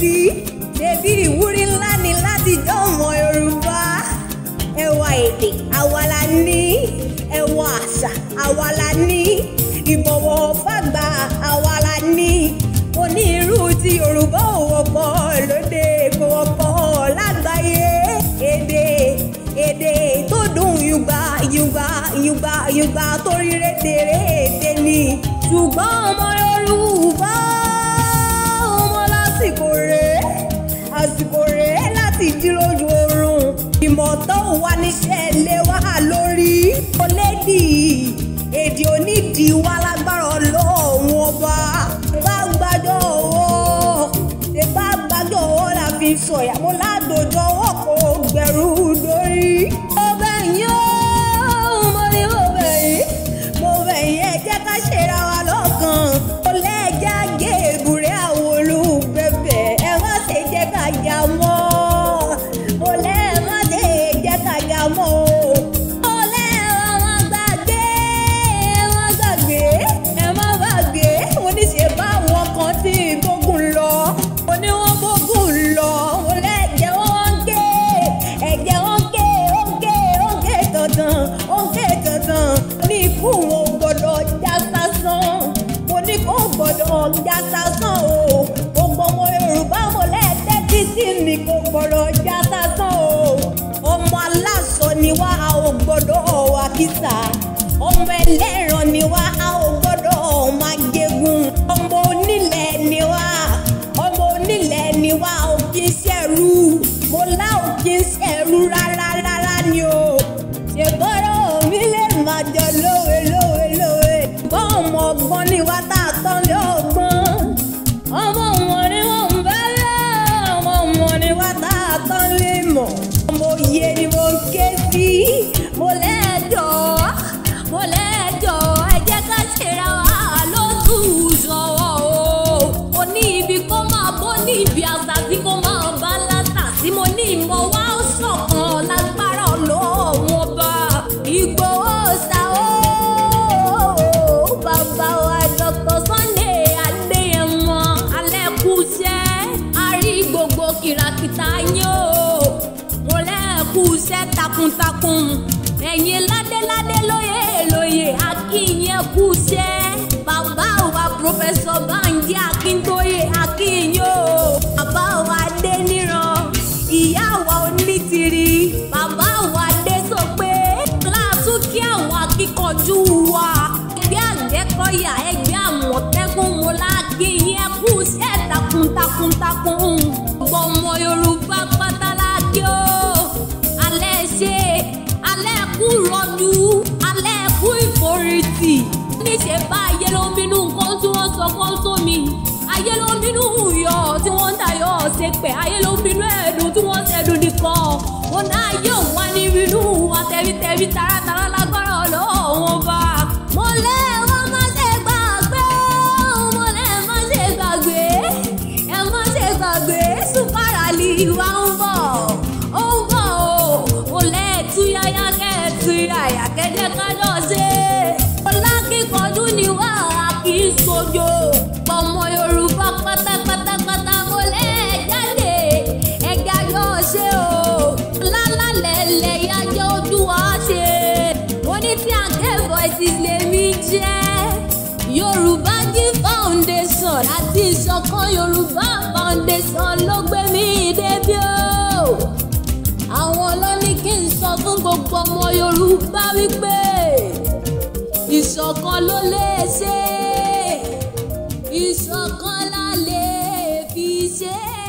gidi ṣebí ìwúrí ńlá ni láti dánmọ yorùbá ẹwà èdè àwa la ní ẹwà àṣà àwa la ní ìbọ̀wọ̀ fàgbà àwa la ní onírú ti yorùbá ò wọ́pọ̀ lóde kò wọ́pọ̀ lágbàáyé èdè èdè tó dùn yùgbà yùgbà yùgbà yùgbà tó rí ni ṣùgbọ́n ọmọ yorùbá. kì í èdè onídìí wá lágbára ọlọ́run ọba bá gbàjọ owó bá gbàjọ owó la fi sọ̀yà mo ládòjọ ọwọ́ kò sásán o gbogbo ọmọ Yorùbá mọ̀lẹ́ tẹ́tí sí mi kò gbọ́dọ̀ já sásán o ọmọ aláṣọ ni wá a ò gbọ́dọ̀ wà kíta ọmọ ẹlẹ́ran ni wá a ò gbọ́dọ̀ máa gégún ọmọ onílẹ̀ ni wá ọmọ onílẹ̀ ni wá ò kí ń ṣẹ̀rú mo lá ò kí ń ṣẹ̀rú rárá. iṣẹ́ takuntakun ẹ̀yin ládéládé lóye lóye akínyẹ kúṣẹ́ bàbá wa pòfẹ́sọ̀ Bánjí Akíntóyè akínyó. ọkọ sómi ayé ló ń bínú yọ tí wọ́n ń tayọ ṣépè ayé ló ń bínú ẹ̀dùn tí wọ́n ń ṣẹ̀dùn nìkan òun náà yóò wá ní bínú àtẹ̀bítẹ̀bí taratara lágbára ọlọ́wọ́n bá mo lẹ́ wọ́n má ṣe gbàgbé mo lẹ́ má ṣe gbàgbé ẹ má ṣe gbàgbé sùpàràlì ìwà yẹn Yorùbá Giving Foundation àti ìṣọ̀kan Yorùbá Foundation ló gbé mi débi o àwọn ló ní kí n sọ fún gbogbo ọmọ Yorùbá wípé ìṣọ̀kan ló lè ṣe ìṣọ̀kan la lè fi ṣe é.